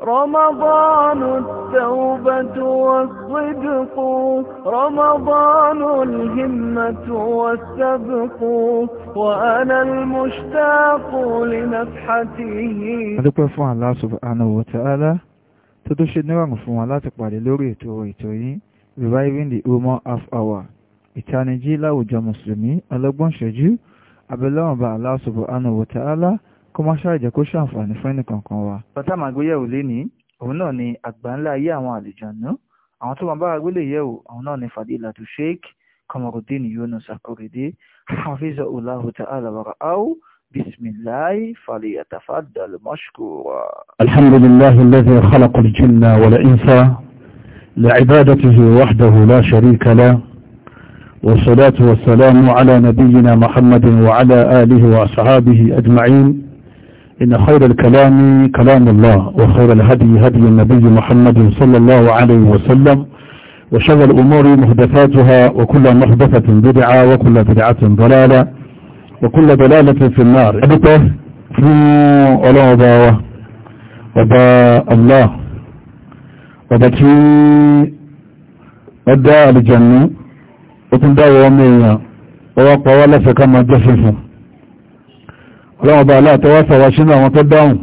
رمضان التوبة والصدق رمضان الهمة والسبق وأنا المشتاق لنفحته أدوكو فوان الله سبحانه وتعالى تدوشي نوان فوان الله تقبالي لوري توري توري reviving the Umar half hour ìtanijí láwùjọ mùsùlùmí ọlọ́gbọ́n ṣojú abẹ́lẹ́wọ̀n bá Allah subhanahu wa ta'ala kó má ṣàìjẹ́ kó ṣàǹfààní fún kankan wa. bàtà máa gbéyẹ̀wò òun náà ni àgbáńlá ayé àwọn àlùjànnú àwọn tó máa bára gbélé yẹ̀wò àwọn náà ni fadilatu sheikh kamarudin yunus akorede hafiza ulahu ta'ala wara'au بسم الله فليتفضل مشكورا الحمد لله الذي خلق الجن والإنس لعبادته وحده لا شريك له والصلاة والسلام على نبينا محمد وعلى آله وأصحابه أجمعين إن خير الكلام كلام الله وخير الهدي هدي النبي محمد صلى الله عليه وسلم وشر الأمور محدثاتها وكل محدثة بدعة وكل بدعة ضلالة وكل ضلالة في النار أبته في ألوبة وبا الله وبكي ودى الجنة وتندى ومية ووقوى لفك ما جففه ọlọ́wọ́ bá aláàtọwọ́ sọ̀wọ́ sínú àwọn tó dáhùn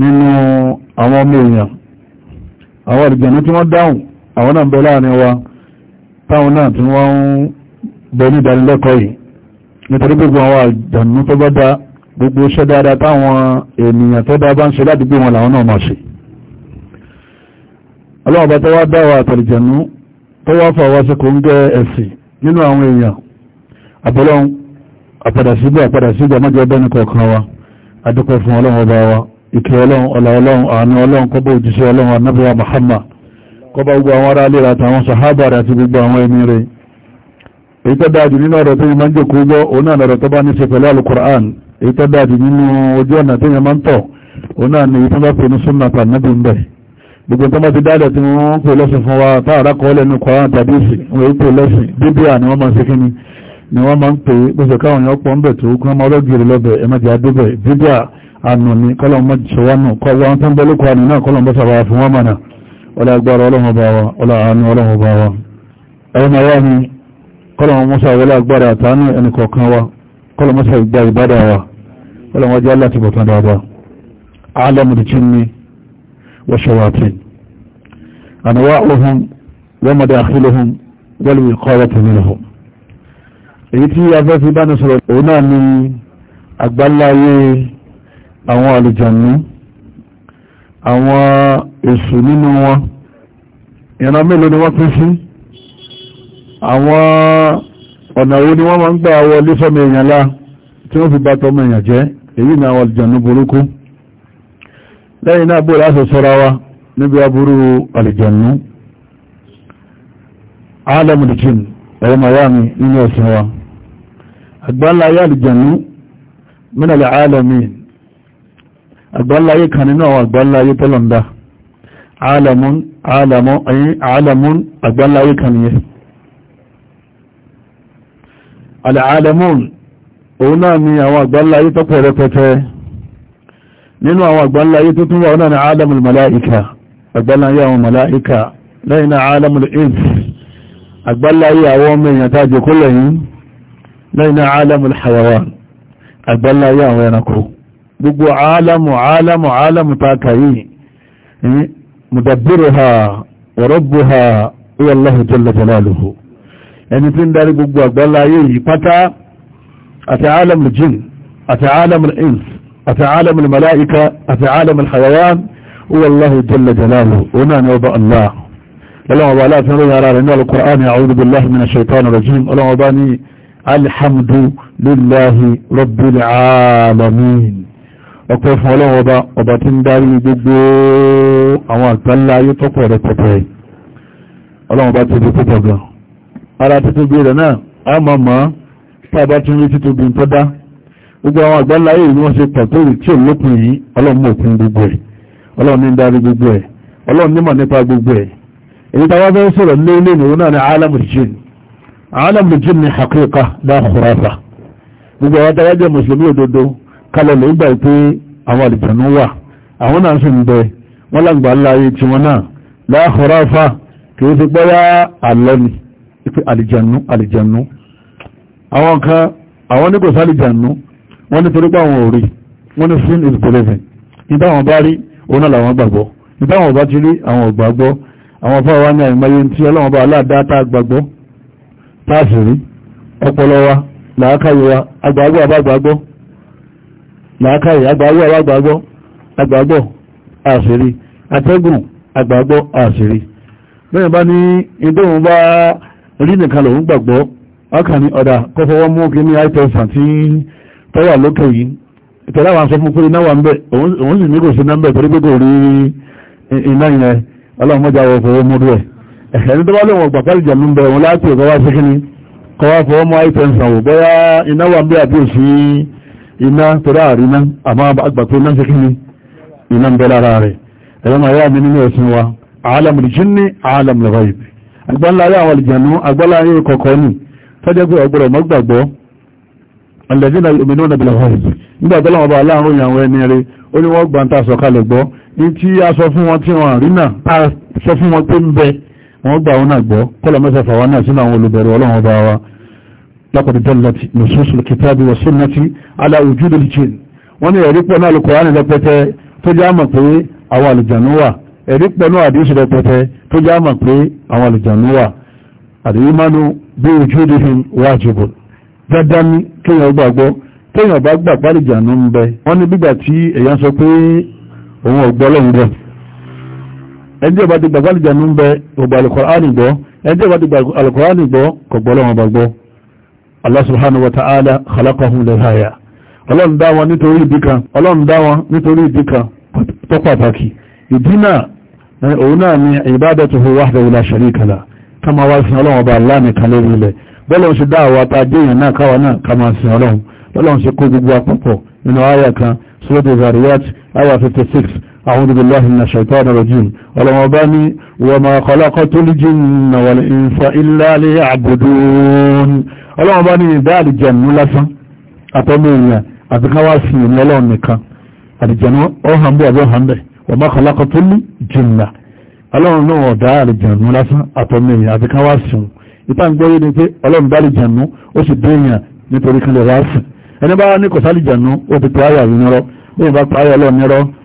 nínú àwọn ọmọ èèyàn àwọn ìjànà tí wọ́n dáhùn àwọn náà bẹ láàrin wa táwọn náà tí wọ́n ń bẹ ní ìdánilẹ́kọ̀ọ́ yìí nítorí gbogbo àwọn àjànà tó bá dá gbogbo iṣẹ́ dáadáa táwọn ènìyàn tó wa àtàlìjànú tó wá fà wá sí kò ń àpadà síbẹ̀ àpadà síbẹ̀ mọ́jọ bẹ́ni kọ̀ọ̀kan wa adúpẹ́ fún ọlọ́run ọba wa ìkẹ́ ọlọ́run ọlá ọlọ́run àánú ọlọ́run kọ́bọ̀ òjíṣẹ́ ọlọ́run anábíwá Muhammad kọ́bọ̀ gbogbo àwọn ará alẹ́ àtàwọn sàhábà àti gbogbo àwọn ẹni rẹ̀ èyí tó dáadì nínú ọ̀rọ̀ tó yẹ máa ń jòkó gbọ́ òun náà lọ́rọ̀ tó bá ní ṣe pẹ̀lú alukur'an èyí tó dáadì nínú ojú ọ̀nà tó yẹ máa ń tọ̀ òun náà ni ìtọ́ pè ní súnà tànàbí ń bẹ̀ gbogbo tó bá ti dáadà tí wọ́n pè lọ́sìn fún wa tá àrà kọ́ lẹ́nu tàbí ìsìn wọ́n pè lọ́sìn bíbí à ni wọ́n máa ń ṣe kí ni wọ́n máa ń pè é gbèsè káwọn yẹn pọ̀ ń bẹ̀ tó kí wọ́n máa lọ́gìrì lọ́bẹ̀ ẹ má jẹ́ adébẹ̀ bíbíà ànà ni kọ́lọ́mù má jẹ́ wánù kọ́ wọn tó ń bẹ́ lóko àná náà kọ́lọ́mù bá sábà fún wọn mọ̀nà ọlá agbára ọlọ́run ọba wa ọlá àánú ọlọ́run ọba wa ẹ̀rọ máa wá ní kọ́lọ́mù mọ́sá wọlé agbára àtàánú ẹnì kọ̀ọ̀kan wa èyí tí afẹ́fẹ́ báni sọ̀rọ̀ òun náà ni àgbáláyé àwọn àlùjànnú àwọn èṣù nínú wọn ìran mélòó ni wọ́n pín sí àwọn ọ̀nà wo ni wọ́n máa ń gbà wọlé sọ́mọ èèyàn lá tí wọ́n fi bá tọmọ èèyàn jẹ́ èyí ni àwọn àlùjànnú burúkú lẹ́yìn náà bóòlá sọ sọ́ra wa níbi aburú àlùjànnú alamu da jin nínú ọ̀sán wa àgbáláyé àlìjànú mínàlẹ̀ alamin àgbáláyé kan nínú àwọn àgbáláyé tọ́lọ̀ndá alamun alamun ayin alamun àgbáláyé kan yẹ al'alamun òun náà ni àwọn àgbáláyé tọ́pọ̀ rẹpẹtẹ nínú àwọn àgbáláyé tó tún wà náà ni alamul lẹ́yìn náà alamu hayawan àgbàlá ayé àwọn ẹranko gbogbo alamu alamu alamu tààkà yìí eh, mùdàbírò ha wọ̀rọ̀bù ha ìwọ̀lọ́hù jẹ́lẹ̀ jẹ́lẹ́lùhù ẹni tí ń darí gbogbo àgbàlá ayé yìí pátá àti alamu jin àti alamu ins àti alamu mala'ika àti alamu hayawan ìwọ̀lọ́hù jẹ́lẹ̀ jẹ́lẹ́lùhù ó náà ni ọba allah lọ́lọ́wọ́ bá aláàfin rẹ̀ yára rẹ̀ ní alukùránì àwùdùbùláhì mìíràn ṣètọ́nù rẹ̀ jim ọlọ́wọ́ bá ní alhamdu lillahi rabbil alamin ọpẹ́ fún ọlọ́run ọba ọba tí ń darí gbogbo àwọn àgbáńlá ayé tọ́pọ̀ rẹ̀ pẹ̀pẹ̀ ọlọ́run ọba tóbi púpọ̀ gan ara títóbi rẹ̀ náà a máa mọ́ tàbá tí ń rí títóbi tó dá gbogbo àwọn wọn pàtó tí yìí ọlọ́run alam al-jinn ní haqiqa la khurafa gbogbo àwọn tàwájẹ́ mùsùlùmí òdodo kalẹ̀ lè gbà pé àwọn àlìjànú wà àwọn náà sì ń bẹ wọ́n lágbà láàyè tí wọ́n náà la khurafa kìí fi gbọ́yá àlọ́ ni pé àlìjànú àlìjànú àwọn kan àwọn ní kò sálìjànú wọ́n ní torípa àwọn òrí wọ́n ní sin is believing nígbà wọn bá rí òun náà làwọn gbàgbọ́ nígbà wọn bá ti rí àwọn ògbàgbọ́ àwọn fáwọn ní àìmọye tí ọlọ́wọ́n bá aláàdá tá gbàgbọ́ láàfìrí ọpọlọ wa làákàyè wa agbàgbọ́ àbágbàgbọ́ làákàyè agbàgbọ́ àbágbàgbọ́ agbàgbọ́ àṣírí atẹ́gùn agbàgbọ́ àṣírí bẹ́ẹ̀ bá ní ìdóhun bá rí nìkan lòun gbàgbọ́ ọkà ní ọ̀dà kọfọwọ́ mú kí ní àìtẹ́sàn tí tọ́wà lókè yìí ìtẹ̀lá àwọn sọ fún pé wà ń ẹ̀sẹ̀ni tó bá lè wọ̀n gbàgbà ìjàmú bẹ̀rẹ̀ wọn láti ọ̀gá wá síkíní kọ́ wá fọwọ́ mọ́ àìtẹ̀sàn wò bọ́yá iná wà ń bẹ́ àbí òsì iná torí àríná àmọ́ àgbà pé iná síkíní iná ń bẹ lára rẹ̀ ẹ̀rọ máa yá mi nínú ẹ̀sìn wa àálàmùlì jínní àálàmùlì ghaib agbáláyé ni tọ́jẹ́ pé ọgbọ̀rọ̀ mọ́gbàgbọ́ alẹ́dínà ìmìnira bìlà ghaib nígbà tó lọ́wọ́ bá aláàrùn ìyàwó ẹni wọ́n gbà wọn náà gbọ́ kọ́lọ̀ mẹ́sẹ̀ fàwọn náà sínú àwọn olùbẹ̀rù ọlọ́run ọba wa laqad dallati nususul kitabi wa sunnati ala wujudil jinn wọ́n ní ẹ̀rí pẹ̀lú alukọ̀ránì rẹpẹtẹ tó já mọ̀ pé àwọn àlùjànú wà ẹ̀rí pẹ̀lú àdíṣù rẹpẹtẹ tó já mọ̀ pé àwọn àlùjànú wà àdìyímánu bí wujudihim wajibun dandan ní kéèyàn gbàgbọ́ kéèyàn bá gbà pálíjànú ń bẹ wọ́n ní bígbà tí èèyàn sọ pé òun ọ̀gbọ́ lẹ́yìn bẹ́ẹ̀ ẹni tí ó bá ti gbàgbọ́ àlùjànnú ń bẹ ọgbà alùkọ̀ránì gbọ́ ẹni tí ó bá ti gbàgbọ́ alùkọ̀ránì gbọ́ kò gbọ́ lọ́wọ́ bá gbọ́ Allah subhanahu wa ta'ala khalaqahum lil haya ọlọ́run dá wọn nítorí ìdí kan ọlọ́run dá wọn nítorí ìdí kan tó pàtàkì ìdí náà eh, òun náà ni ibadatuhu wahdahu la sharika lah ká máa wá 56 أعوذ بالله من الشيطان الرجيم ولمضاني وما خلقت الجن والإنس إلا ليعبدون ولمضاني ذلك جن لسا أتمنى أتكواسي للونك الجن أوهم بي أبوهم بي وما خلقت الجن ọlọ́run náà ọ̀dá àlìjànú lásán àtọ́mẹ́yìn àti ká wá sùn ìta ń gbọ́yé ni pé ọlọ́run dá àlìjànú ó sì dẹ́yìn nítorí kan lè wá sùn ẹni bá ní kò sálìjànú ó ti pààyà yìí nírọ́ ó bá pààyà ọlọ́run nírọ́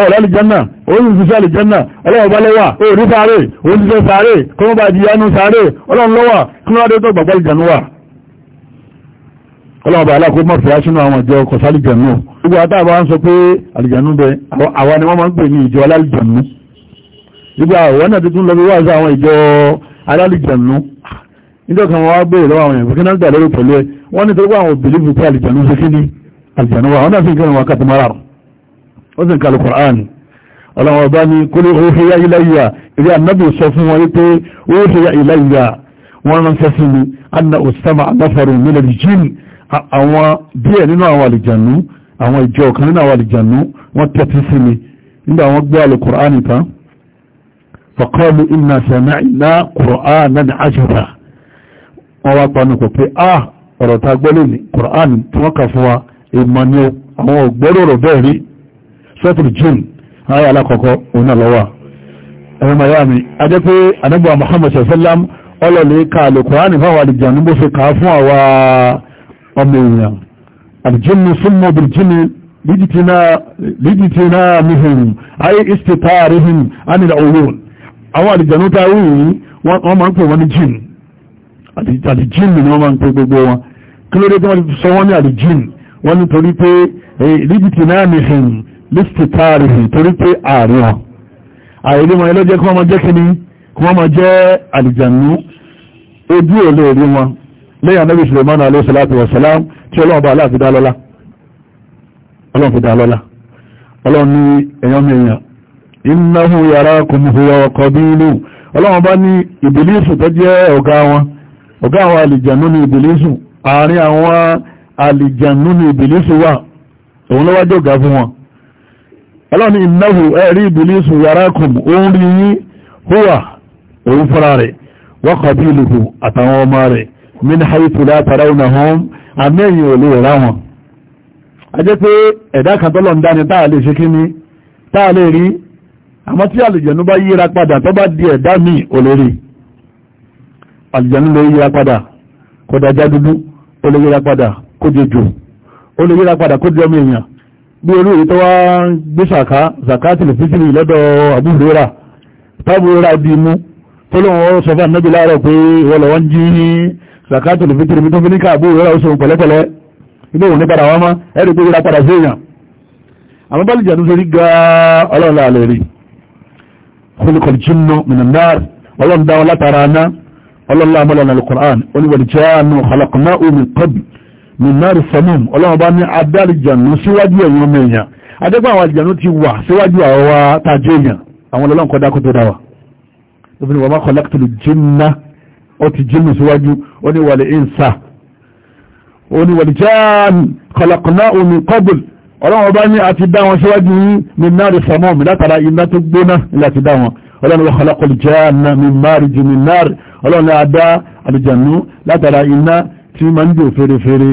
ọ̀rọ̀ alìjẹ́nà oòrùn ìfisẹ́ alìjẹ́nà ọlọ́ọ̀bá lọ́wà oòrùn sáré oòrùn ìfisẹ́ sáré kọmọ́ bá ìdíyánú sáré ọlọ́run lọ́wà kí wọ́n dé tó gbàgbà ìjẹ̀nú wà ọlọ́ọ̀bá alákòó mọ̀ fìyà sínú àwọn ìjọ kọ̀sá alìjẹ̀nú gbogbo àtàbà ń sọ pé alìjẹ̀nú bẹ àwa ni wọ́n máa ń pè ní ìjọ alálìjẹ̀nú gbogbo àwọn náà tuntun lọ bí wà sí àwọn ìjọ alálìjẹ̀nú nígbà kan wọ́n wá béèrè lọ́wọ́ àwọn èèyàn fún kí náà gbà lórí pẹ̀lú ẹ wọ́n ní torí pé àwọn òbílífù pé alìjẹ̀nú ṣe kí ni alìjẹ̀nú wà wọ́n náà fi ń kí wọn wá kàtàmárà rùn ó sì ń kàlù Kùránì ọlọ́wọ́ bá ní kúrò òfìyà iláyà ilé annabi sọ fún wọn wípé òfìyà iláyà wọ́n ránṣẹ́ sí mi anna osama anáfàrún nílẹ̀ jìn àwọn díẹ̀ nínú àwọn àlìjànú àwọn ìjọ kan nínú àwọn àlìjànú wọ́n tẹ́tí sí mi nígbà wọ́n gbé àlù Kùránì tán faqalu inna sami'na Qur'anan ajaba wọ́n wá panu pọ̀ pé ah ọ̀rọ̀ ta gbọ́lẹ̀ ní Kùránì tí wọ́n kà fún wa ìmọ̀ ni àwọn ògbẹ́rọ̀ bẹ́ẹ̀ rí sọ́tùrù june ayé alákọ̀ọ́kọ́ òun náà lọ́wọ́ ẹ̀rọ miami a jẹ́ pé anábíwá muhammad sallam ọlọ́lẹ̀ ka alùkùránì fáwọn àdìjànú bó ṣe kà á fún àwa ọmọ èèyàn àdìjínú súnmọ́ bìrìjínú lídìtì náà mihìn ayé istitaarihin anil olóòn àwọn àdìjànú tá wí yìí wọ́n máa ń ni wọ́n máa ń pè gbogbo wọn kí ló dé lídìtì náà mihìn lísìtì táàrìhì torí pé ààrí wọn àìrí wọn ẹlọ́jẹ́ kí wọ́n máa jẹ́ kíní kí wọ́n máa jẹ́ àlìjànú ojú ò lè rí wọn lẹ́yìn anábì Suleiman alayhi salatu wa salam tí ọlọ́run bá aláàfin dá lọ́lá ọlọ́run fi dá lọ́lá ọlọ́run ní èèyàn mi èèyàn innahu yarakum huwa wa qabilu ọlọ́run bá ní ìbìlísù tó jẹ́ ọ̀gá wọn ọ̀gá àwọn àlìjànú ní ìbìlísù àárín àwọn àlìjànú ní ìbìlísù wà òun ló wá jẹ́ ọ̀gá fún wọn ọlọ́ni ìnáhù ẹ̀rí ìbìlísù yàrákùn òun rí yí húwà òun fúnra rẹ̀ wọ́kọ̀bí ìlúhù àtàwọn ọmọ rẹ̀ min haitu látara ọ̀nà hàn àmẹ́yìn olú ọ̀rá wọn a jẹ́ pé ẹ̀dá kan tọ́lọ̀ ń dáni táà lè ṣe kíní táà lè rí àmọ́ tí bí olóòrí tó wá ń gbé ṣàká zakati lè fífìrì lọ́dọ̀ àbúrúra tábúrúra bí mú tó lóun sọ fún ànábì láàárọ̀ pé wọ́n lọ́wọ́ ń jí zakati lè fífìrì tó fi ní ká àbúrúra ó sọ̀rọ̀ pẹ̀lẹ́pẹ̀lẹ́ ilé òun ní padà wá mọ́ ẹ̀rì pé padà sí èèyàn àwọn bá lè jẹ́ nítorí ga ọlọ́run láàlẹ́ rí kólíkọ̀lì jínú mimari samum ọlọ́wọ́ bá ní adárijànú síwájú ẹ̀yàn ọmọ èèyàn adẹ́gbà àwọn àjànú ti wà síwájú àwọwá tàjú èèyàn àwọn ọlọ́wọ́ kọ́ dákó tó dáwà obìnrin wà má kọ́ lákìtìlù jìnnà ó ti jìnnà síwájú ó ní wàlẹ̀ ìnsà ó ní wàlẹ̀ jáàmì kọ̀lọ̀kọ̀nà omi kọ́bùl ọlọ́wọ́ bá ní àti dá wọn síwájú yìí mimari samum látara iná tó gbóná láti dá wọn ọlọ́run wọ́n kọ̀lọ̀kọ̀lù jáàmì mimari jù mimari ọlọ́run tí ma ń jò fèrèfèrè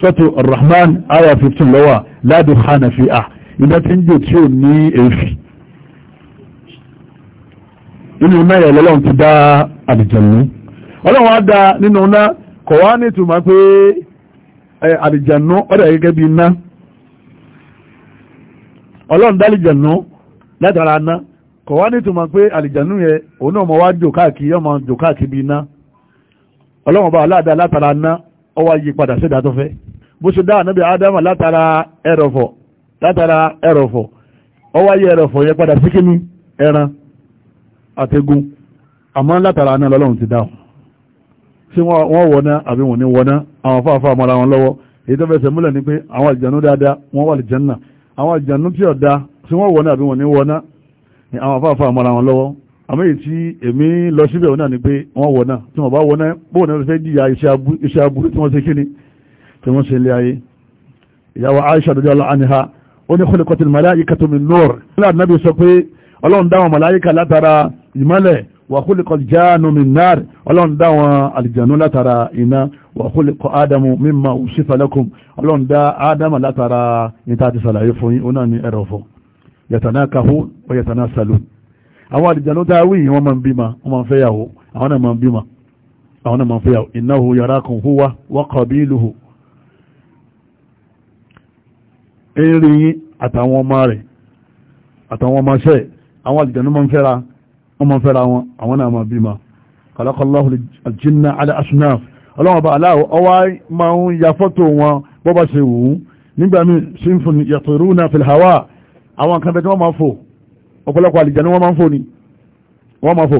sọ́tò Ar-Rahman aya 15 lọ́wà la dukhana fiha iná tí ń jò tí ò ní èéfì nínú náà yẹ̀ lọ́lọ́run ti dá àlìjànnú ọlọ́run á dá nínú náà kọ̀ wá ní ìtumọ̀ pé àlìjànnú ọ̀dà gẹ́gẹ́ bí iná ọlọ́run dá àlìjànnú látara iná kọ̀ wá ní ìtumọ̀ pé àlìjànnú yẹ òun náà mọ̀ wá jò káàkiri ọmọ jò káàkiri bí iná ọlọ́wọ́n bá aláàdá látara ná ọwá yí padà sí ìdá tó fẹ́ bó ṣe dá ànábì ádámà látara ẹrọ̀fọ̀ látara ẹrọ̀fọ̀ ọwá yí ẹrọ̀fọ̀ yẹ padà sí kíní ẹran àtẹgùn àmọ́ látara ná lọ́lọ́run ti dáhùn sí wọ́n wọ́ná àbí wọ́n ní wọ́ná àwọn afáfá mara wọn lọ́wọ́ èyí tó fẹsẹ̀ múlẹ̀ ni pé àwọn àlìjànú dáadáa wọ́n wà àlìjànnà àwọn àlìjànú tí ọ̀dá sí wọ́n wọ́ná àbí wọ́n ní wọ́ná àwọn afáfá mara wọn lọ́wọ́ àmọ́ èyí tí èmi lọ síbẹ̀ ọ̀nà ni pé wọ́n wọ̀ náà tí wọ́n bá wọ̀ náà bóò náà fẹ́ jìyà iṣẹ́ aburú tí wọ́n ṣe kí ni tí wọ́n ṣe ilé ayé ìyàwó Aisha dọ́jọ́ ọlọ́ àníhà ó ní khuliqatil malaikatu min nur nílẹ̀ ànábì sọ pé ọlọ́run dá wọn màláyíkà látara ìmọ́lẹ̀ wa khuliqal jannu min nar ọlọ́run dá wọn àlìjànú látara iná wa khuliqa ádámù mimma usifa lakum ọlọ́run dá ádámù látara ìta àti sàlàyé fún yín ó náà ní ẹ̀rọ̀ fún yatanakahu wa yatanasalun àwọn àdìjànú tá a wí yìí wọ́n máa ń bímọ wọ́n máa ń fẹ́yàwó àwọn náà máa ń bímọ àwọn náà máa ń fẹ́yàwó innahu yarakum huwa wa qabiluhu erin yín àtàwọn ọmọ rẹ̀ àtàwọn ọmọ ṣẹ́ àwọn àdìjànú máa ń fẹ́ra wọ́n máa ń fẹ́ra wọn àwọn náà máa bímọ khalaqallahu al-jinna ala asnaf ọlọ́wọ́n bá aláwọ̀ ọwá máa ń ya fọ́tò wọn bọ́bá ṣe wù ú nígbà míì sinfun yatiruna fil hawa àwọn kan bẹ́ẹ̀ wọ́n máa fò ọ̀pọ̀lọpọ̀ àlìjànú wọ́n máa ń fò ní wọ́n máa fò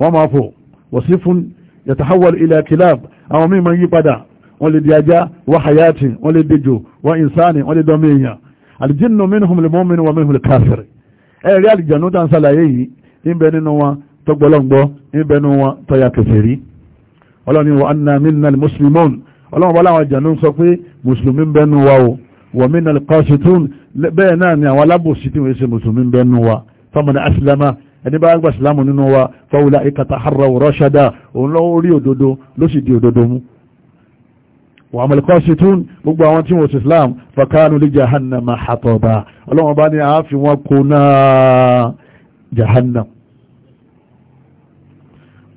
wọ́n máa fò wasifun yatahawwal ila kilab àwọn míì máa ń yí padà wọ́n lè di ajá wọ́n hayati wọ́n lè dejò wọ́n insani wọ́n lè dọ́mọ èèyàn àlìjànú minhum al-mu'min wa wọ̀mínà kọ́sìtún bẹ́ẹ̀ náà ni àwọn alábòsí tí wọ́n ṣe mùsùlùmí ń bẹ́nu wa fọ́mọ̀nà asìlámà ẹni bá gbà sílámù nínú wa fọ́wùlá ikata harra rọ́ṣádà òun lọ rí òdodo ló sì di òdodo mú wàmàlì kọ́sìtún gbogbo àwọn tí wọ́n ṣe islam fakanu li jahannama hataba ọlọ́wọ́n bá ní àáfi wọn kó náà jahannam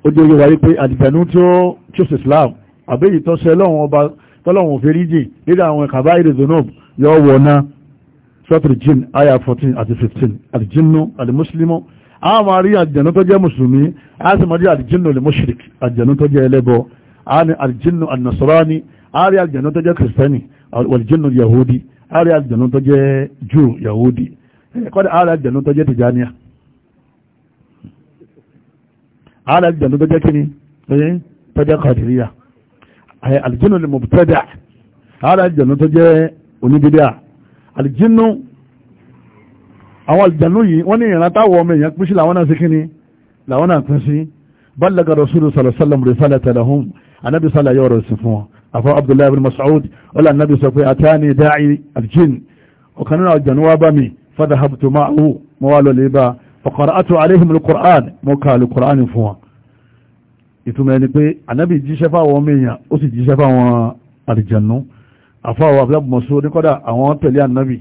ó jẹ́ yíwa wípé àdìgbànú tí ó ṣe islam àbẹ́yìí tọ́ṣẹ́ lọ́wọ́n ọba tọ́lọ́wọ́n fẹ́ríjì nílẹ̀ àwọn ìkàbá ìrìnzónọ́bù yọ wọ̀ná sọ́tìrì jin aya 14 àti 15 àlìjínú àlìmúsílímù a máa rí àjẹ̀nú tó jẹ́ mùsùlùmí a sì máa rí àlìjínú àlìmúṣìrìk àjẹ̀nú tó jẹ́ ẹlẹ́bọ a ní àlìjínú ànàsọ́rání a rí àjẹ̀nú tó jẹ́ kìrìsìtẹ́nì àlìjínú yahudi a rí àjẹ̀nú tó jẹ́ jù yahudi eh, kọ́dà a rí àjẹ̀nú tó jẹ́ tìjáníà a rí àjẹ̀nú tó jẹ́ kíni eh, tó jẹ́ kàdìríyà eh, àlìjínú oníbídíà àlìjínú àwọn àlìjànú yìí wọ́n ní ìran táwọn ọmọ èèyàn pín sí làwọn náà sí kíni làwọn náà pín sí balaga rasulu sallallahu risalata lahum anabi sallá yọ ọ̀rọ̀ sí fún wọn afọ abdullahi ibn mas'ud ọlá anabi sọ pé atani da'i aljin ọ̀kan nínú àlìjànú wa bá mi fadahabtu ma'ahu mo wá lọ lè bá faqara'atu alayhim alquran mo ka alquran fún wọn ìtumọ̀ ẹni pé anabi jíṣẹ́ fáwọn ọmọ èèyàn ó sì jíṣẹ́ fáwọn àlìjànú àfáwọ̀ abúlábù mọ̀súrò ní kọ́dà àwọn tẹ̀lé ànábì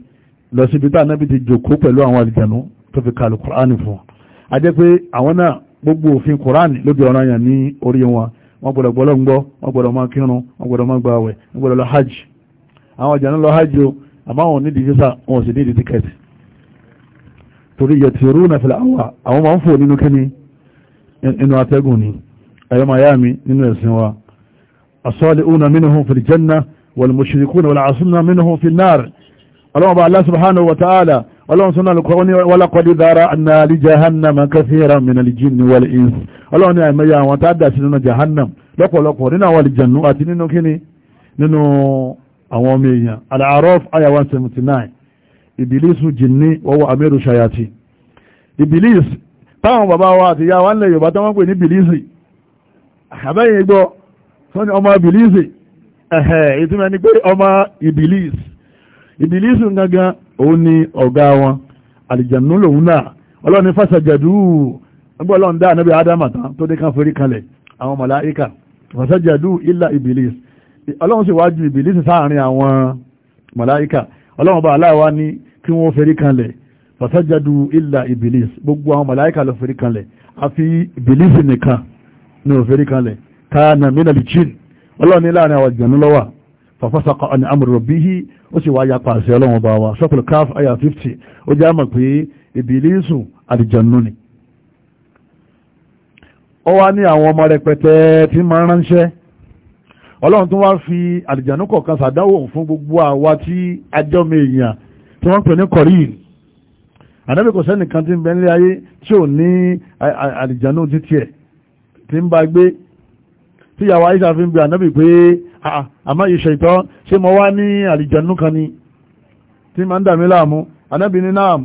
lọ sí ibi tá ànábì ti jòkó pẹ̀lú àwọn àlìjànú tó fi kàlù kùránì fún wọn a jẹ́ pé àwọn náà gbogbo òfin kùránì lóbi ọ̀rọ̀ yàn ní orí wọn wọ́n gbọ́dọ̀ gbọ́lọ́ gbọ́ wọ́n gbọ́dọ̀ máa kírun wọ́n gbọ́dọ̀ máa gbààwẹ̀ wọ́n gbọ́dọ̀ lọ hajj àwọn àjànú lọ hajj o àmọ́ àwọn nídìí físà wọn sì nídìí tíkẹ́ẹ̀tì torí yẹtìrú na fìlà àwọn àwọn máa ń fò nínú kíní inú atẹ́gùn ni ẹ̀yọ́ máa yá mi nínú ẹ̀sìn wa asọ́lẹ̀ òun na mínú fìlì jẹ́nà والمشركون والعاصمنا منه في النار اللهم بقى الله سبحانه وتعالى اللهم سنة القرآن ولقد ذرأنا لجهنم كثيرا من الجن والإنس اللهم نعم يا وتعدى سنة جهنم لقوا لقوا لنا والجنة أتنين كني nínú àwọn ọmọ èèyàn al-A'raf aya 179 ìbìlísù jìnní wọ́wọ́ amẹ́rù ṣayati ìbìlísù táwọn bàbá wa àti yá wa ń lè Yorùbá tó wọ́n pè ní bìlísì àbẹ́yìn igbó sọ́ni ọmọ bìlísì ẹ̀hẹ̀ ìtumọ̀ ni pé ọmọ ibilis ibilis gangan òun ni ọ̀gá wọn àlìjànú lòun náà ọlọ́ni fásajàdú nígbà ọlọ́run dá ànábì ádámà tán tó dé kan forí kalẹ̀ àwọn màláíkà fásajàdú ilà ibilis ọlọ́run sì wájú ibilis sáàrin àwọn màláíkà ọlọ́run bá aláwa ní kí wọ́n forí kalẹ̀ fásajàdú ilà ibilis gbogbo àwọn màláíkà ló forí kalẹ̀ àfi ibilis nìkan ni ò forí kalẹ̀ káà nà mí nà lè chin ọlọ́run ní láàrin àwọn ìjọ̀nú lọ́wà fàfásakọ ọ̀nà amúrò bí i ó sì wá yapa àṣẹ ọlọ́run ọba wa sọ́kùlù káf àyà 50 ó jẹ́ àmọ̀ pé ìbílísù àdìjọ̀nú ni ó wá ní àwọn ọmọ rẹpẹtẹ tí máa ránṣẹ́ ọlọ́run tó wá fi àdìjọ̀nú kọ̀ọ̀kan sàdáwò fún gbogbo àwa tí ajọ́mọ èèyàn tí wọ́n pè ní kọ̀rí àdábì kò sẹ́nìkan tí ń bẹ nílé ayé tí ò ní àdìjọ̀nú títí ẹ̀ tí ń bá gbé tí yàwó àìsà fi ń bí ànábì pé àmá ìṣẹ̀ ìtọ́ ṣe mọ́ wá ní àlìjànú kan ni tí ma ń dàmí láàmú ànábì ní náà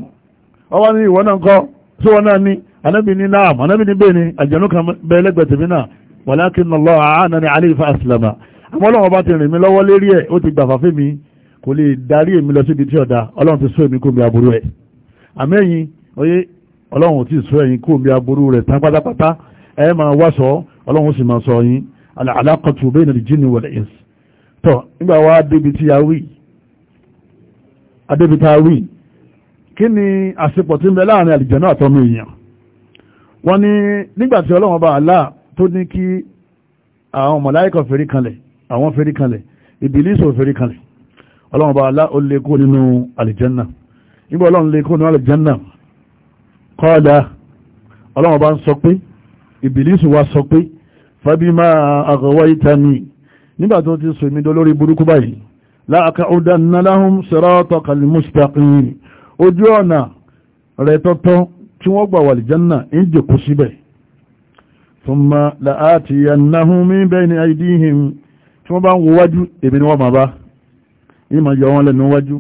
ọ wá ní ìwọ náà kọ́ tí wọ́n náà ní ànábì ní náà ànábì ní bẹ́ẹ̀ ni àlìjànú kan bẹ́ẹ̀ lẹ́gbẹ̀ẹ́ tèmi náà walakin Allah àánà ni alẹ́ ìfà àsìlámà àmọ́ ọlọ́run bá ti rìn mí lọ́wọ́ lérí ẹ̀ ó ti gbà fàfẹ́ mi kò lè darí èmi lọ síbi tí ọ̀dà ọlọ́run ti sọ èmi kò mi aburú ẹ̀ àmẹ́yìn oyé ọlọ́run ti sọ ẹ̀yìn kò mi aburú rẹ̀ tán pátápátá ẹ̀ máa wá sọ ọlọ́run sì máa sọ yín العلاقة بين bayna al تو إما ins tọ́ أدي wá débi tí a wí adébi tá a wí kí ni àṣepọ̀ tí ń bẹ láàrin àlìjẹ̀nà àtọmọ èèyàn wọ́n ní nígbà tí Ọlọ́run bá Allah tó ní kí àwọn màláíkà fèrí kanlẹ̀ àwọn fèrí kanlẹ̀ ìbílísò fèrí kanlẹ̀ Ọlọ́run bá Allah ó lè kó nínú àlìjẹ́nà nígbà Ọlọ́run lè kó nínú àlìjẹ́nà kọ́ọ̀dà Ọlọ́run bá ń sọ pé ìbílísò wa sọ pé fabima aghwaytani nígbà tó ti sọ èmi dolórí burúkú báyìí la'aq'udanna lahum siratakal mustaqim ojú ọ̀nà rẹ̀ tọ́tọ́ tí wọ́n gbà wà lìjánà ń jòkó síbẹ̀ thumma la'atiyannahum min bayni aydihim tí wọ́n bá ń wo wájú èmi ni wọ́n ma bá ìmọ̀ yọ wọn lẹ́nu wájú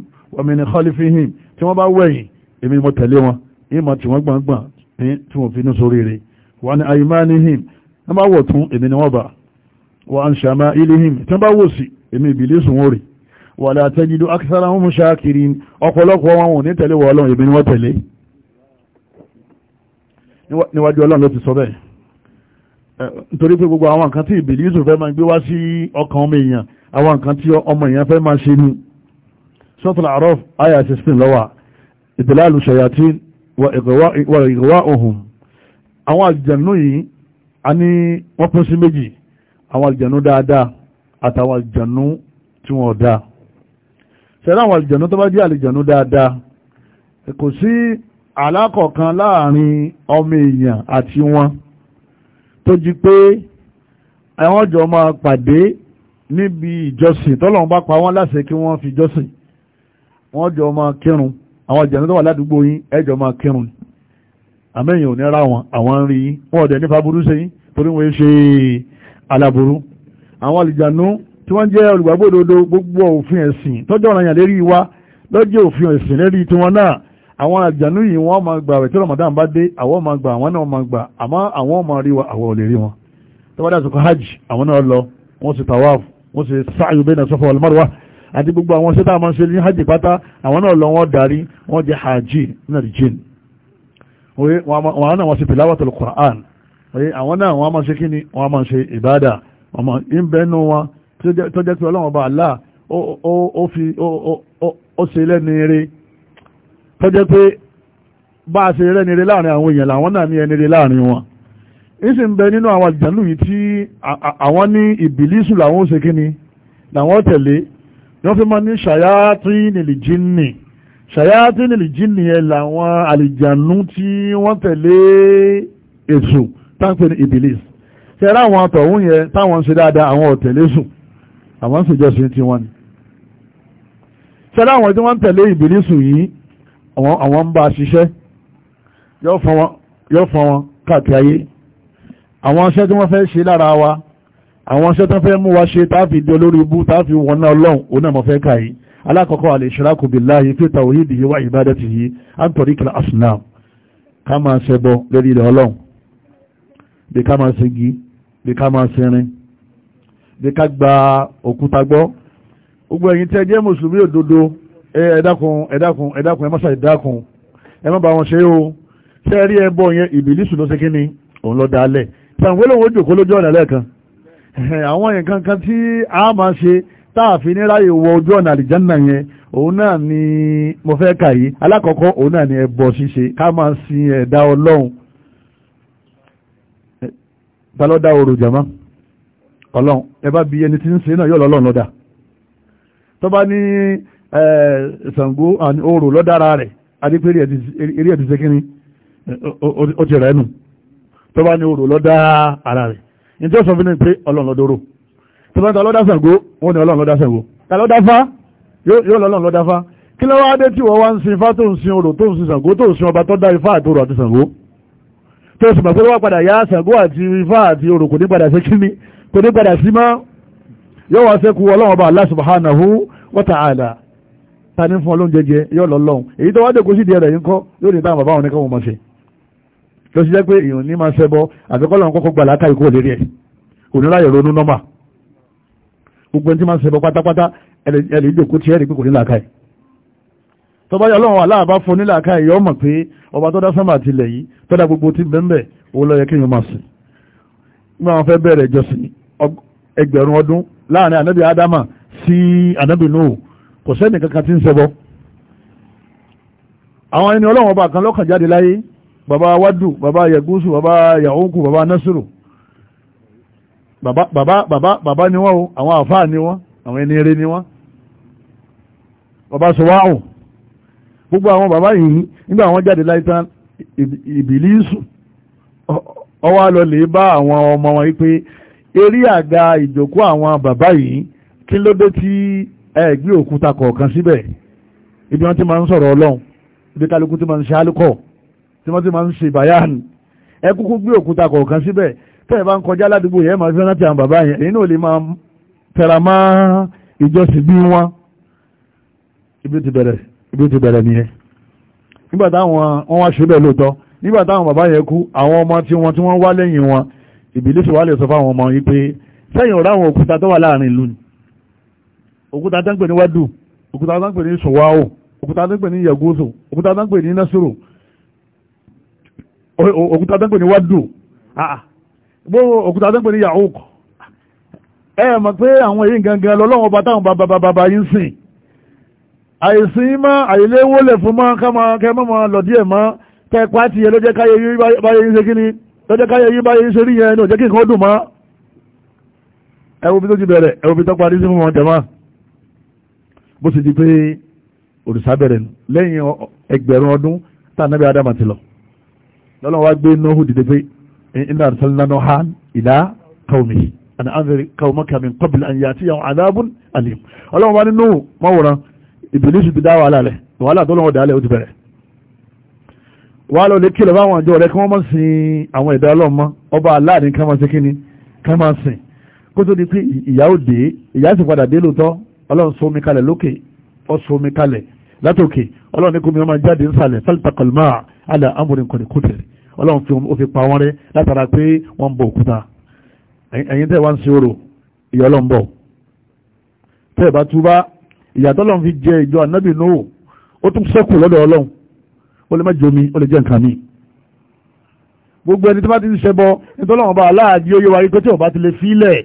wọ́n bá wọ̀ tún èmi ni wọ́n bá wọ́n à ń ṣàmà ilihim tí wọ́n bá wò sí èmi ìbílẹ̀ sùn wọ́n rè wọ́n là tajidu akthara wọn mú ṣáàkiri ọ̀pọ̀lọpọ̀ wọn ò ní tẹ̀lé wọ́n ọlọ́run èmi ni wọ́n tẹ̀lé níwájú ọlọ́run ló ti sọ bẹ́ẹ̀ nítorí pé gbogbo àwọn nǹkan tí ìbílẹ̀ sùn ohun àwọn àjẹ̀nú yìí a ní wọ́n pín sí méjì àwọn àlìjànú dáadáa àtàwọn àlìjànú tí wọ́n dáa ṣẹ̀rẹ́ àwọn àlìjànú tó bá jẹ́ àlìjànú dáadáa kò sí alákọ̀ọ̀kan láàrin ọmọ èèyàn àti wọn tó jí pé àwọn jọ máa pàdé níbi ìjọsìn tọ́lọ́run bá pa wọ́n láṣẹ kí wọ́n fi jọ́sìn wọ́n jọ máa kírun àwọn àlìjànú tó wà ládùúgbò yín ẹ máa kírun àmẹ́yìn ò ní ra wọn àwọn ń rí yín wọ́n ọ̀dẹ̀ nípa burú sí yín torí wọ́n ṣe aláburú àwọn àlìjànú tí wọ́n jẹ́ olùgbàgbọ́ òdodo gbogbo òfin ẹ̀sìn tọ́jọ́ ọ̀ràn yàn lérí wa lọ́jọ́ òfin ẹ̀sìn lérí tiwọn náà àwọn àlìjànú yìí wọ́n máa gbà rẹ̀ tí Ramadan bá dé àwọn máa gbà àwọn náà máa gbà àmọ́ àwọn máa rí wa àwọn ò lè rí wọn tó bá dà sọkọ hajj àwọn náà lọ wọ́n sì tawaf wọ́n sì sáàyù bẹ́ẹ̀ náà Safa àti gbogbo àwọn sẹ́tà máa ń ṣe ní hajj pátá àwọn náà lọ wọ́n darí wọ́n jẹ́ hajj náà jìn oye wọn náà wọ́n ṣe pìláwàtò Qur'an oye àwọn náà wọ́n máa ṣe kí ni wọ́n máa ṣe ìbádà wọ́n máa ń bẹ́nu wọn tó jẹ́ pé ọlọ́wọ́n bá Allah ó fi ó ṣe lẹ́ni eré tó jẹ́ pé bá a ṣe lẹ́ni eré láàrin àwọn èèyàn làwọn náà ní ẹni eré láàrin wọn ìsì ń bẹ nínú àwọn àjàlù yìí tí àwọn ní ìbìlísù làwọn ó ṣe kí ni làwọn tẹ̀lé wọ́n fi máa ní ṣàyátì nìlì jínì ṣàyátí nílì jíni ẹ làwọn àlìjànú tí wọ́n tẹ̀lé èṣù táǹpẹ̀ ní ibilis ṣẹ́rá àwọn àtọ̀hún yẹn táwọn ń ṣe dáadáa àwọn ọ̀tẹ̀lé sùn àwọn ń ṣèjọsìn tí wọ́n ni ṣẹ́rá àwọn tí wọ́n tẹ̀lé ibilis yìí àwọn ń bá ṣiṣẹ́ yóò fún wọn káàkiri ayé àwọn iṣẹ́ tí wọ́n fẹ́ ṣe lára wa àwọn ṣẹ́ tán fẹ́ mú wa ṣe táàfi di olórí ibú táàfi wọná ọlọ́run òun náà mọ̀ fẹ́ kà alákọ̀ọ́kọ́ alẹ́ ìṣirákù billahi fi tawhidihi wa ibadatihi an tariqil asnam ká máa ṣẹbọ lórí ilẹ̀ ọlọ́run bí ká máa ṣegi bí ká máa ṣẹrin bí ká gba òkúta gbọ́ gbogbo ẹ̀yin tẹ́ jẹ́ mùsùlùmí òdodo ẹ dákun ẹ dákun ẹ dákun ẹ má ni òun lọ dalẹ̀ sàǹwé lòun ó jòkó lójú àwọn nǹkan kan tí a máa ṣe táàfin ní ráyè ojú ọ̀nà àlìjánà yẹn òun náà ni mo fẹ́ kà yìí alákọ̀ọ́kọ́ òun náà ni ẹbọ ṣíṣe ká máa sin ẹ̀dá ọlọ́run ta ló dá orò jàmá ọlọ́run ẹ bá bi ẹni tí ń ṣe náà yóò lọ́lọ́run lọ́dà tó bá ní ṣàngó orò lọ́dára rẹ̀ adépẹ́rì eré ẹ̀dìsẹ́kínrin ó ti rẹ̀ nù tó bá ní orò lọ́dá ara rẹ̀ nítorí ó sọ fún mi pé ọlọ́run lọ́dọ́rọ́ tó bá ń ta ọlọ́dá Ṣàngó wọn ni ọlọ́run lọ́dá Ṣàngó ta lọ́dá fá yóò lọ́lọ́run lọ́dá fá kí ló wá dé tí wọ́n wá ń sin ifá tó ń sin orò tó ń sin Ṣàngó tó ń sin ọba tó dá ifá àtòrò àti Ṣàngó tó sì mọ̀ pé wọ́n padà yá Ṣàngó àti ifá àti orò kò ní padà sí kíní kò ní padà sí mọ́ yóò wá sẹ́kù ọlọ́run ọba Allah subhanahu wa ta'ala ta ní fún ọlọ́run jẹjẹ yóò lọ́lọ́run èyí tó wá dé kó sì di ẹ̀rẹ̀ yín kọ́ yóò ní táwọn bàbá wọn ní káwọn mọ̀ ṣe lọ sí jẹ́ pé èèyàn ní máa ṣẹbọ àbíkọ́lọ̀ kọ́kọ́ gbà látàrí kó lérí ẹ̀ oníláyọ̀ ronú nọ́mà gbogbo ẹni tí máa ṣẹbọ pátápátá ẹ̀lẹ́ ìjòkó tiẹ̀ rí pé kò ní làákàyè tọ́báyọ̀ ọlọ́run aláà bá fún ní làákàyè yọ mọ̀ pé ọba tọ́dá sánmà tilẹ̀ yìí tọ́dá gbogbo ti bẹ́ẹ̀ òun lọ yẹ kéèyàn máa sìn nígbà wọn fẹ́ bẹ̀rẹ̀ ìjọsìn ẹgbẹ̀rún ọdún láàrin ànábì ádámà sí ànábì nóò kò sẹ́nì kankan tí ń ṣẹbọ àwọn ẹni ọlọ́run ọba kan lọ́kàn jáde láyé Baba wádù Baba Yagusu, Baba yahunku Baba nasiru Baba Baba Baba bàbá ni wọ́n àwọn àfáà ni wọ́n àwọn ẹni eré ni wọ́n Baba sọwáhùn gbogbo àwọn bàbá yìí nígbà àwọn jáde láìtán ìbìlísù ọwá lọ lè bá àwọn ọmọ wọn wípé eré àga ìjòkó àwọn bàbá yìí kí ló dé tí ẹgbẹ́ òkúta kọ̀ọ̀kan síbẹ̀ ibi wọn ti máa ń sọ̀rọ̀ ọlọ́run ibi kálukú ti máa ń ṣe álùkọ̀ọ́ tí wọ́n ti máa ń ṣe bàyáàni ẹ kúkú gbé òkúta kọ̀ọ̀kan síbẹ̀ tẹ́ ẹ bá ń kọjá ládùúgbò yẹn máa fi rántí àwọn bàbá yẹn èyí náà lè máa tẹra mọ́ ìjọsìn bí wọ́n ibi ti bẹ̀rẹ̀ ibi ti bẹ̀rẹ̀ nìyẹn nígbà táwọn wọn wá ṣe bẹ́ẹ̀ lóòótọ́ nígbà táwọn bàbá yẹn kú àwọn ọmọ tí wọn tí wọ́n wá lẹ́yìn wọn ìbílẹ̀ sọ wá lè sọ fáwọn ọmọ yìí pé sẹ́yìn ọ̀rọ̀ àwọn òkúta tó wà láàrin ìlú ni òkúta tó ń pè ní wádùú òkúta tó ń pè ní sọ̀wáwò òkúta tó ń pè ní yẹ̀gúsù òkúta tó ń pè ní násùrù òkúta tó ń pè ní wádù gbogbo ah, ah. òkúta tó ń pè ní yahook ẹ mọ̀ pé àwọn èyí gangan lọ́lọ́wọ́ bá táwọn bàbá bàbá yìí ń sìn àìsìn mọ́ àìléwólẹ̀ fún mọ́ káma kẹmọ́ mọ́ lọ díẹ̀ mọ́ kẹ pàtì yẹ lọ́jẹ́ káyé yí báyé yí ṣe kí ni lọ́jẹ́ káyé yí báyé yí ṣe rí yẹn ní òjẹ́ kí nǹkan dùn mọ́ ẹ wo bí tó ti bẹ̀rẹ̀ ẹ wo bí tó parí sí fún wọn jẹ̀mọ́ bó sì di pé òrìṣà bẹ̀rẹ̀ lẹ́yìn ẹgbẹ̀rún tá ànábì Ádámù ti lọ lọ́lọ́wọ́ wá gbé nóhù dìde pé iná sọ́lánà ha ìlà kàwùmí àti àǹfẹ̀rẹ̀ kàwùmọ́kà min qabl an ya'tiyahum adhabun alim ọlọ́wọ́ wá ní nóhù mọ́wòrán ìbìlísù ti dá wàhálà rẹ̀ wàhálà tó lọ́wọ́ dálẹ̀ ó ti bẹ̀rẹ̀ wàá lọ lè kílọ̀ báwọn àjọ rẹ̀ kí wọ́n mọ̀ sí àwọn ẹ̀dá ọlọ́mọ ọba aláàrin ká máa ṣe kíni ká máa sìn kó tó di pé ìyá ò dé ìyá sì padà dé lóòótọ́ ọlọ́run sọ omi kalẹ̀ lókè ó sọ omi kalẹ̀ látòkè ọlọ́run ní kò mi ọmọ jáde nsàlẹ̀ sálítàkọ̀lùmọ́ àlà amúrin kọ̀dẹ̀kọ̀dẹ̀ ọlọ́run ó fi pa wọ́n rẹ́ látara pé wọ́n ń bọ òkúta ẹ̀yin tẹ́ wá ń ṣe orò ìyà ọlọ́run bọ̀ tẹ́ ẹ̀ bá ìyàtọ̀ ọlọ́run fi jẹ ìjọ ànábì nóò ó tún sẹ́kù lọ́dọ̀ ọlọ́run ó lè má jomi ó lè jẹ́ nǹkan míì gbogbo ẹni tó bá ti ń ṣẹbọ nítorí ọba aláàjí ó yé wa ikọ́ tí ọba ti lè fílẹ̀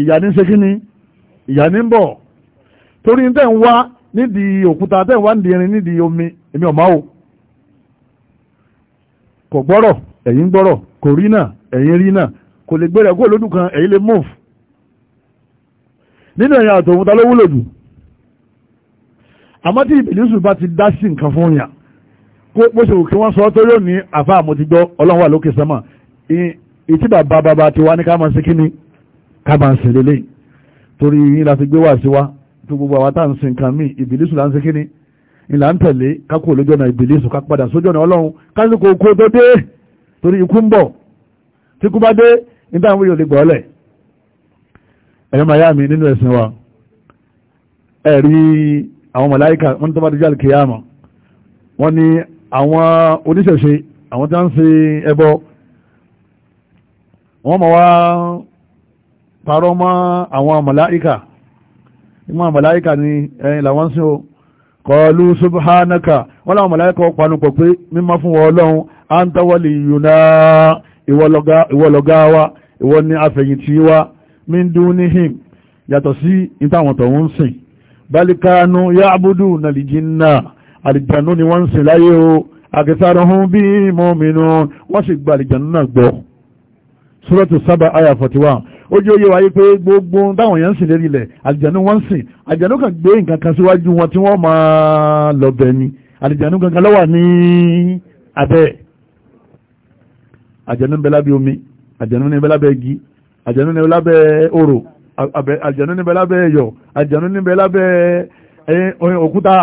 ìyà ní ṣe kíni ìyà ní ń bọ̀ torí tẹ́ ń wá nídìí òkúta tẹ́ ń wá nídìí irin nídìí omi èmi ọ̀ma kò gbọ́rọ̀ ẹ̀yin gbọ́rọ̀ kò rí náà ẹ̀yin rí náà kò lè gbẹ̀rẹ̀ kó lódù kan ẹ̀yin lè move nínú ẹ̀yin àtòun ta ló wúlò jù àmọ́ tí ìbìlísù bá ti dá sí nǹkan fún yàn bó ṣe wù kí wọ́n sọ ọ́ tó yóò ní àfa àmójúgbọ́ ọlọ́run wà lókè sẹ́mà ìtí bàbá bàbá ti wá ní ká máa ṣe kíní ká máa ṣe lélẹ́yìn torí yín la fi gbé wá sí wa tó gbogbo àwọn tá à ń sin nǹkan míì ìbìlísù là ń ṣe kíní ìlà ń tẹ̀lé kákò lójú ọ̀nà ìbílísù ká padà sójú ọ̀nà ọlọ́run kásìkò okó tó dé torí ikú ń bọ̀ tí kú bá dé nígbà wọ́n yóò lè gbọ́ ọ̀lẹ̀ ẹ̀yọ́ máa yá mi nínú ẹ̀sìn wa ẹ̀rí àwọn màláíkà wọ́n tó bá dé jáde kìyàmà wọ́n ní àwọn oníṣẹ̀ṣe àwọn tí wọ́n ń ṣe ẹbọ wọ́n máa wá parọ́ mọ́ àwọn màláíkà ìmọ̀ màláíkà ni ẹ̀yìn làwọn ń sìn o kọlu subhanaka wọ́n láwọn mọ̀láíkà panupọ̀ pé mímọ́ fún wọn ọlọ́run anta waliyuna ìwọlọ́gá wa ìwọ ni afẹ̀yìntì wa min dunihim yàtọ̀ sí ìtàwọn tọ̀hún sìn balikanu ya'budu nàlìjínà àlìjànú ni wọ́n ń sìn láyé o akitharuhum bí mu'minun wọ́n sì gba àlìjànú náà gbọ́ ojú oyé wáyé pé gbogbo táwọn èèyàn ń sìn lérí ilẹ̀ àlìjànú wọ́n ń sìn àlìjànú kan gbé nǹkan kan síwájú wọn tí wọ́n máa lọ́bẹ̀ ni àlìjànú kankan lọ́wà ní abẹ́ àlìjànú ń bẹ lábẹ́ omi àlìjànú ń bẹ lábẹ́ igi àlìjànú ń bẹ lábẹ́ òrò àlìjànú ń bẹ lábẹ́ ẹ̀yọ̀ àlìjànú ń bẹ lábẹ́ òkúta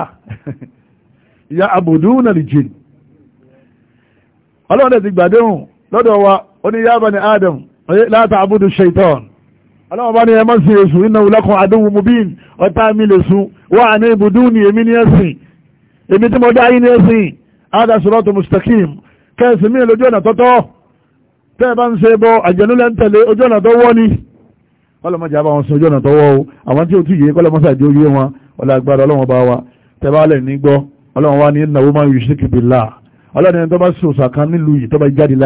ya àbùdú náà lè jìn ọlọ́run ti gbàdéhùn lọ́dọ̀ wa ó ní yá bani Adam láta àbúdù ṣaitan aláwọ̀ bá ní ẹ má sí èṣù iná wùlákan àdúwù mubin ọ̀tá mi lè sun wà ní ibùdó ni èmi ní ẹ̀sìn èmi tí mo dá yín ní ẹ̀sìn ádá sọ́rọ́tò mustaqim kẹ́sì mí lójú ọ̀nà tọ́tọ́ tẹ́ ẹ bá ń ṣe bọ àjẹnúlẹ̀ ń tẹ̀lé ojú ọ̀nà tó wọ́ ni kọ́lọ́mọjà bá wọn sin ojú ọ̀nà tó wọ́ o àwọn tí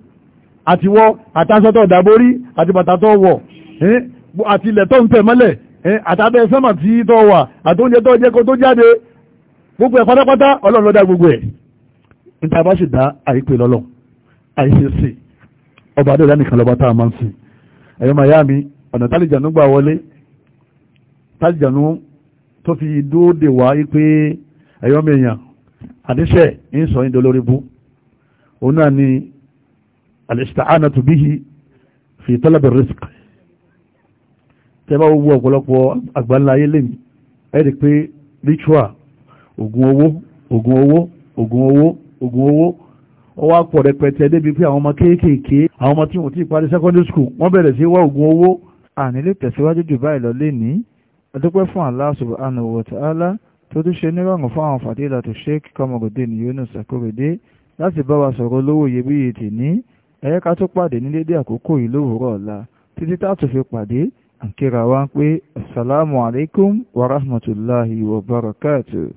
àtiwọ́ àtàṣọ́tọ̀ ìdàbórí àti bàtà tó wọ̀ eh, àti ilẹ̀ tó ń tẹ̀ mọ́lẹ̀ eh, àtàbẹ̀ sẹ́mà tí tó wà àtóúnjẹ tó jẹ́ kó tó jáde gbogbo ẹ̀ pátápátá ọlọ́run ló dá gbogbo ẹ̀ níta bá sì dá àìpé lọ́lọ́run àìṣeṣe ọba adé ìdánìkan lọ́ba tá a máa ń sìn ẹ̀yọ́ miami ọ̀nà tálìjànú gbà wọlé tálìjànú tó fi dúró dè wá pé ẹ̀yọ́ mi èèyàn àdíṣẹ́ ń sọ yín dolórí bú òun náà ni الاستعانة به في طلب الرزق ar-rizq tẹ́bá owó ọ̀pọ̀lọpọ̀ àgbáláyé lèmi ẹ̀rì pé ritual ogun owó ogun owó ogun owó ogun owó ó wá pọ̀ rẹpẹtẹ débi pé àwọn ọmọ kéékèèké àwọn ọmọ tí wọ́n ti parí secondary school wọ́n bẹ̀rẹ̀ sí wá ogun owó. ànílé tẹ̀síwájú jù báyìí lọ lénìí adúpẹ́ fún Allah subhanahu wa tó tún ṣe nírọ̀rùn fún àwọn fàdílà tó Sheikh Kamarudeen Yunus Akorede láti bá wa sọ̀rọ̀ lówó iyebíye tì ní ẹ̀yẹ́ ká tó pàdé ní dédé àkókò yìí lówùúrọ̀ ọ̀la títí tá a tó fi pàdé àǹkírà wa ń pé asalaamualeykum wa rahmatulahi wa barakatuh.